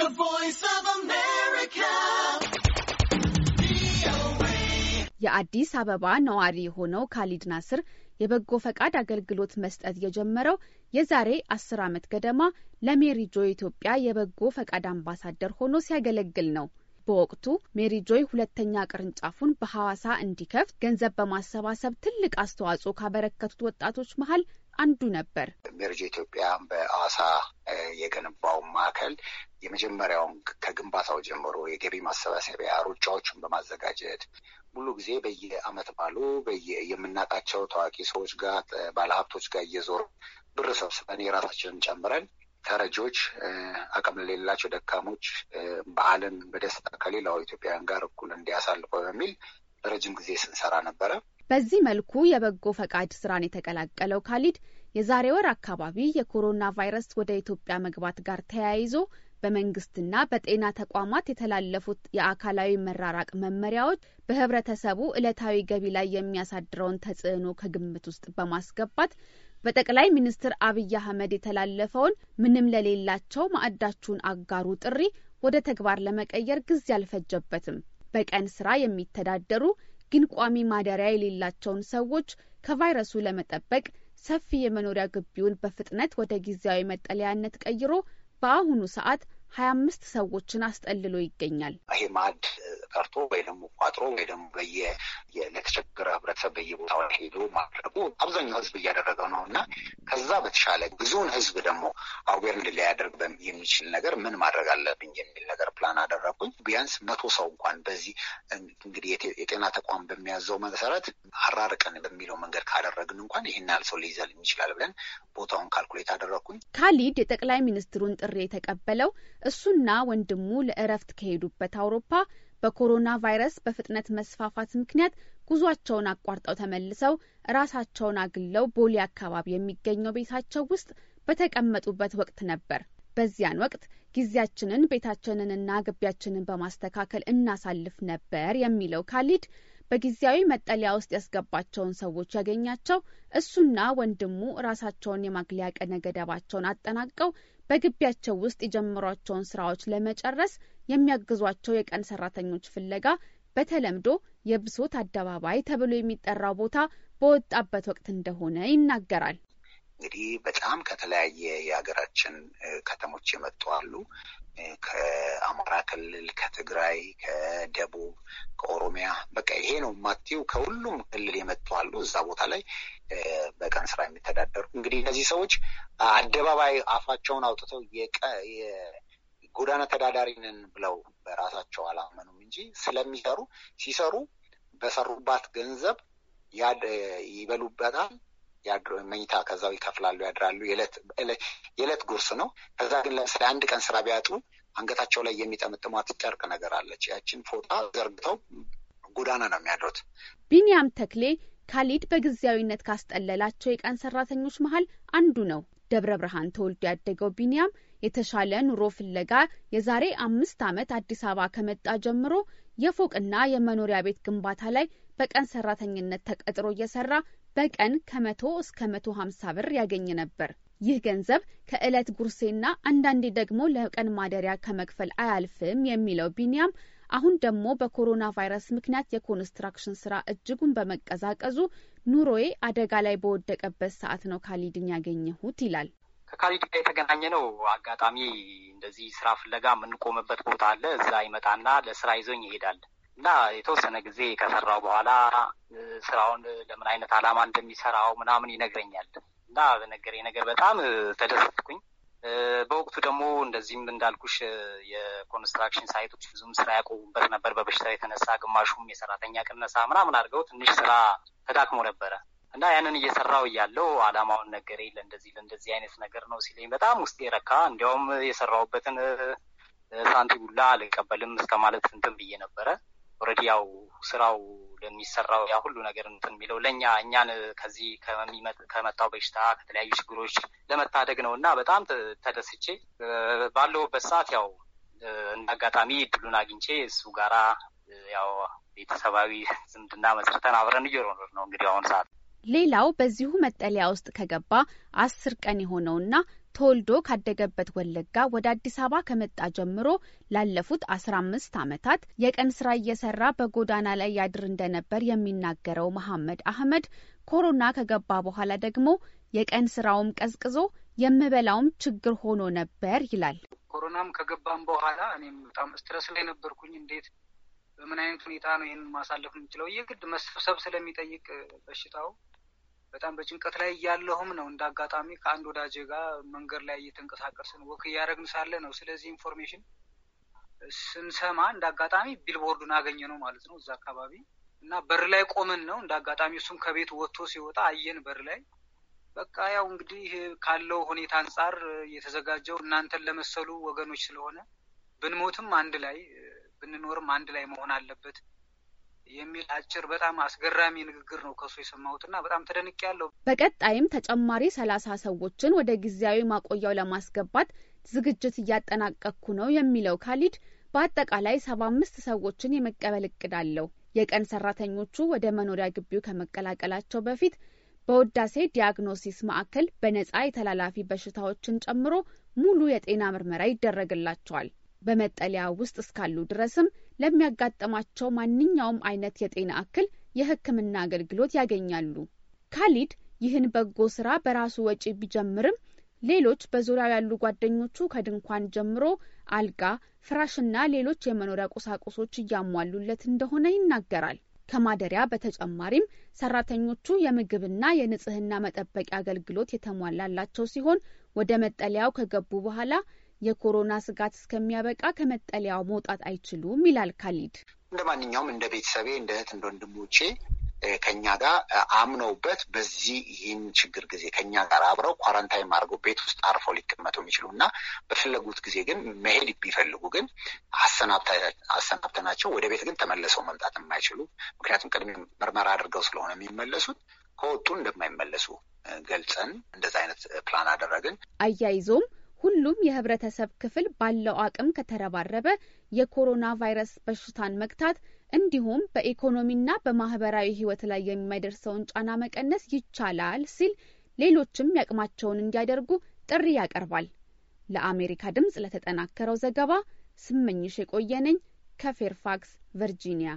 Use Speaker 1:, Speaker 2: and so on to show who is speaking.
Speaker 1: The Voice of America.
Speaker 2: የአዲስ አበባ ነዋሪ የሆነው ካሊድ ናስር የበጎ ፈቃድ አገልግሎት መስጠት የጀመረው የዛሬ አስር ዓመት ገደማ ለሜሪ ጆይ ኢትዮጵያ የበጎ ፈቃድ አምባሳደር ሆኖ ሲያገለግል ነው። በወቅቱ ሜሪ ጆይ ሁለተኛ ቅርንጫፉን በሐዋሳ እንዲከፍት ገንዘብ በማሰባሰብ ትልቅ አስተዋጽኦ ካበረከቱት ወጣቶች መሀል አንዱ ነበር።
Speaker 1: ሜሪጆ ኢትዮጵያ በአዋሳ የገነባው ማዕከል የመጀመሪያውን ከግንባታው ጀምሮ የገቢ ማሰባሰቢያ ሩጫዎቹን በማዘጋጀት ሙሉ ጊዜ በየአመት ባሉ የምናውቃቸው ታዋቂ ሰዎች ጋር ባለሀብቶች ጋር እየዞር ብር ሰብስበን የራሳችንን ጨምረን ተረጆች አቅም ለሌላቸው ደካሞች በዓልን በደስታ ከሌላው ኢትዮጵያውያን ጋር እኩል እንዲያሳልፈው በሚል ረጅም ጊዜ ስንሰራ ነበረ።
Speaker 2: በዚህ መልኩ የበጎ ፈቃድ ስራን የተቀላቀለው ካሊድ የዛሬ ወር አካባቢ የኮሮና ቫይረስ ወደ ኢትዮጵያ መግባት ጋር ተያይዞ በመንግስትና በጤና ተቋማት የተላለፉት የአካላዊ መራራቅ መመሪያዎች በህብረተሰቡ ዕለታዊ ገቢ ላይ የሚያሳድረውን ተጽዕኖ ከግምት ውስጥ በማስገባት በጠቅላይ ሚኒስትር አብይ አህመድ የተላለፈውን ምንም ለሌላቸው ማዕዳችሁን አጋሩ ጥሪ ወደ ተግባር ለመቀየር ጊዜ አልፈጀበትም። በቀን ስራ የሚተዳደሩ ግን ቋሚ ማደሪያ የሌላቸውን ሰዎች ከቫይረሱ ለመጠበቅ ሰፊ የመኖሪያ ግቢውን በፍጥነት ወደ ጊዜያዊ መጠለያነት ቀይሮ በአሁኑ ሰዓት ሀያ አምስት ሰዎችን አስጠልሎ ይገኛል።
Speaker 1: ይሄ ማድ ቀርቶ ወይ ደግሞ ቋጥሮ ወይ ደግሞ በየ ለተቸገረ ህብረተሰብ በየቦታው ሄዶ ማድረጉ አብዛኛው ህዝብ እያደረገው ነው እና ከዛ በተሻለ ብዙውን ህዝብ ደግሞ አዌር እንዲል የሚችል ነገር ምን ማድረግ አለብኝ የሚል ነገር ፕላን አደረግኩኝ። ቢያንስ መቶ ሰው እንኳን በዚህ እንግዲህ የጤና ተቋም በሚያዘው መሰረት አራርቀን በሚለው መንገድ ካደረግን እንኳን ይህን ያህል ሰው ሊይዘል ይችላል ብለን ቦታውን ካልኩሌት አደረግኩኝ።
Speaker 2: ካሊድ የጠቅላይ ሚኒስትሩን ጥሪ የተቀበለው እሱና ወንድሙ ለእረፍት ከሄዱበት አውሮፓ በኮሮና ቫይረስ በፍጥነት መስፋፋት ምክንያት ጉዟቸውን አቋርጠው ተመልሰው ራሳቸውን አግለው ቦሌ አካባቢ የሚገኘው ቤታቸው ውስጥ በተቀመጡበት ወቅት ነበር። በዚያን ወቅት ጊዜያችንን ቤታችንንና ግቢያችንን በማስተካከል እናሳልፍ ነበር የሚለው ካሊድ በጊዜያዊ መጠለያ ውስጥ ያስገባቸውን ሰዎች ያገኛቸው እሱና ወንድሙ ራሳቸውን የማግለያ ቀነ ገደባቸውን አጠናቀው በግቢያቸው ውስጥ የጀመሯቸውን ስራዎች ለመጨረስ የሚያግዟቸው የቀን ሰራተኞች ፍለጋ በተለምዶ የብሶት አደባባይ ተብሎ የሚጠራው ቦታ በወጣበት ወቅት እንደሆነ ይናገራል።
Speaker 1: እንግዲህ በጣም ከተለያየ የሀገራችን ከተሞች የመጡ አሉ። ከአማራ ክልል፣ ከትግራይ፣ ከደቡብ፣ ከኦሮሚያ በቃ ይሄ ነው ማቴው ከሁሉም ክልል የመጡ አሉ። እዛ ቦታ ላይ በቀን ስራ የሚተዳደሩ እንግዲህ እነዚህ ሰዎች አደባባይ አፋቸውን አውጥተው ጎዳና ተዳዳሪ ነን ብለው በራሳቸው አላመኑም እንጂ ስለሚሰሩ ሲሰሩ በሰሩባት ገንዘብ ይበሉበታል፣ መኝታ ከዛው ይከፍላሉ፣ ያድራሉ። የዕለት ጉርስ ነው። ከዛ ግን ለምሳሌ አንድ ቀን ስራ ቢያጡ አንገታቸው ላይ የሚጠመጥሟት ጨርቅ ነገር አለች። ያችን ፎጣ ዘርግተው ጎዳና ነው የሚያድሩት።
Speaker 2: ቢንያም ተክሌ ካሊድ በጊዜያዊነት ካስጠለላቸው የቀን ሰራተኞች መሀል አንዱ ነው። ደብረ ብርሃን ተወልዶ ያደገው ቢኒያም የተሻለ ኑሮ ፍለጋ የዛሬ አምስት ዓመት አዲስ አበባ ከመጣ ጀምሮ የፎቅና የመኖሪያ ቤት ግንባታ ላይ በቀን ሰራተኝነት ተቀጥሮ እየሰራ በቀን ከመቶ እስከ መቶ ሀምሳ ብር ያገኝ ነበር። ይህ ገንዘብ ከዕለት ጉርሴና አንዳንዴ ደግሞ ለቀን ማደሪያ ከመክፈል አያልፍም የሚለው ቢኒያም። አሁን ደግሞ በኮሮና ቫይረስ ምክንያት የኮንስትራክሽን ስራ እጅጉን በመቀዛቀዙ ኑሮዬ አደጋ ላይ በወደቀበት ሰዓት ነው ካሊድን ያገኘሁት ይላል።
Speaker 1: ከካሊድ ጋር የተገናኘ ነው። አጋጣሚ እንደዚህ ስራ ፍለጋ የምንቆምበት ቦታ አለ። እዛ ይመጣና ለስራ ይዞኝ ይሄዳል እና የተወሰነ ጊዜ ከሰራው በኋላ ስራውን ለምን አይነት አላማ እንደሚሰራው ምናምን ይነግረኛል እና በነገሬ ነገር በጣም ተደሰትኩኝ። በወቅቱ ደግሞ እንደዚህም እንዳልኩሽ የኮንስትራክሽን ሳይቶች ብዙም ስራ ያቆሙበት ነበር በበሽታ የተነሳ ግማሹም የሰራተኛ ቅነሳ ምናምን አድርገው ትንሽ ስራ ተዳክሞ ነበረ እና ያንን እየሰራው እያለው አላማውን ነገር የለ እንደዚህ ለእንደዚህ አይነት ነገር ነው ሲለኝ በጣም ውስጤ ረካ። እንዲያውም የሰራውበትን ሳንቲም ሁላ አልቀበልም እስከ ማለት እንትን ብዬ ነበረ። ኦልሬዲ ያው ስራው ለሚሰራው ያ ሁሉ ነገር እንትን የሚለው ለእኛ እኛን ከዚህ ከመጣው በሽታ ከተለያዩ ችግሮች ለመታደግ ነው እና በጣም ተደስቼ ባለሁበት ሰዓት ያው እንደ አጋጣሚ እድሉን አግኝቼ እሱ ጋራ ያው ቤተሰባዊ ዝምድና መስርተን አብረን እየኖርን ነው እንግዲህ አሁን ሰዓት
Speaker 2: ሌላው በዚሁ መጠለያ ውስጥ ከገባ አስር ቀን የሆነውና ተወልዶ ካደገበት ወለጋ ወደ አዲስ አበባ ከመጣ ጀምሮ ላለፉት አስራ አምስት ዓመታት የቀን ስራ እየሰራ በጎዳና ላይ ያድር እንደነበር የሚናገረው መሐመድ አህመድ ኮሮና ከገባ በኋላ ደግሞ የቀን ስራውም ቀዝቅዞ የምበላውም ችግር ሆኖ ነበር ይላል።
Speaker 1: ኮሮናም ከገባም በኋላ እኔም በጣም ስትረስ ላይ ነበርኩኝ። እንዴት በምን አይነት ሁኔታ ነው ይህን ማሳለፍ የምችለው? የግድ መሰብሰብ ስለሚጠይቅ በሽታው በጣም በጭንቀት ላይ እያለሁም ነው እንደ አጋጣሚ ከአንድ ወዳጅ ጋር መንገድ ላይ እየተንቀሳቀስን ወክ እያደረግን ሳለ ነው ስለዚህ ኢንፎርሜሽን ስንሰማ እንደ አጋጣሚ ቢልቦርዱን አገኘ ነው ማለት ነው እዛ አካባቢ እና በር ላይ ቆመን ነው እንደ አጋጣሚ እሱም ከቤት ወጥቶ ሲወጣ አየን በር ላይ በቃ ያው እንግዲህ ካለው ሁኔታ አንጻር የተዘጋጀው እናንተን ለመሰሉ ወገኖች ስለሆነ ብንሞትም አንድ ላይ ብንኖርም አንድ ላይ መሆን አለበት የሚል አጭር በጣም አስገራሚ ንግግር ነው ከሱ የሰማሁትና በጣም ተደንቅ ያለው።
Speaker 2: በቀጣይም ተጨማሪ ሰላሳ ሰዎችን ወደ ጊዜያዊ ማቆያው ለማስገባት ዝግጅት እያጠናቀቅኩ ነው የሚለው ካሊድ በአጠቃላይ ሰባ አምስት ሰዎችን የመቀበል እቅድ አለው። የቀን ሰራተኞቹ ወደ መኖሪያ ግቢው ከመቀላቀላቸው በፊት በወዳሴ ዲያግኖሲስ ማዕከል በነጻ የተላላፊ በሽታዎችን ጨምሮ ሙሉ የጤና ምርመራ ይደረግላቸዋል። በመጠለያ ውስጥ እስካሉ ድረስም ለሚያጋጥማቸው ማንኛውም አይነት የጤና እክል የሕክምና አገልግሎት ያገኛሉ። ካሊድ ይህን በጎ ስራ በራሱ ወጪ ቢጀምርም ሌሎች በዙሪያው ያሉ ጓደኞቹ ከድንኳን ጀምሮ አልጋ፣ ፍራሽና ሌሎች የመኖሪያ ቁሳቁሶች እያሟሉለት እንደሆነ ይናገራል። ከማደሪያ በተጨማሪም ሰራተኞቹ የምግብና የንጽህና መጠበቂያ አገልግሎት የተሟላላቸው ሲሆን ወደ መጠለያው ከገቡ በኋላ የኮሮና ስጋት እስከሚያበቃ ከመጠለያው መውጣት አይችሉም ይላል ካሊድ።
Speaker 1: እንደ ማንኛውም እንደ ቤተሰቤ እንደ እህት እንደ ወንድሞቼ ከኛ ጋር አምነውበት በዚህ ይህን ችግር ጊዜ ከኛ ጋር አብረው ኳረንታይን አድርገው ቤት ውስጥ አርፈው ሊቀመጡ የሚችሉ እና በፈለጉት ጊዜ ግን መሄድ ቢፈልጉ ግን አሰናብተናቸው ወደ ቤት ግን ተመለሰው መምጣት የማይችሉ ምክንያቱም ቅድሜ ምርመራ አድርገው ስለሆነ የሚመለሱት ከወጡ እንደማይመለሱ ገልጸን እንደዚ አይነት ፕላን አደረግን።
Speaker 2: አያይዞም ሁሉም የህብረተሰብ ክፍል ባለው አቅም ከተረባረበ የኮሮና ቫይረስ በሽታን መግታት እንዲሁም በኢኮኖሚና በማህበራዊ ህይወት ላይ የሚደርሰውን ጫና መቀነስ ይቻላል ሲል ሌሎችም ያቅማቸውን እንዲያደርጉ ጥሪ ያቀርባል። ለአሜሪካ ድምፅ ለተጠናከረው ዘገባ ስመኝሽ የቆየነኝ ከፌርፋክስ ቨርጂኒያ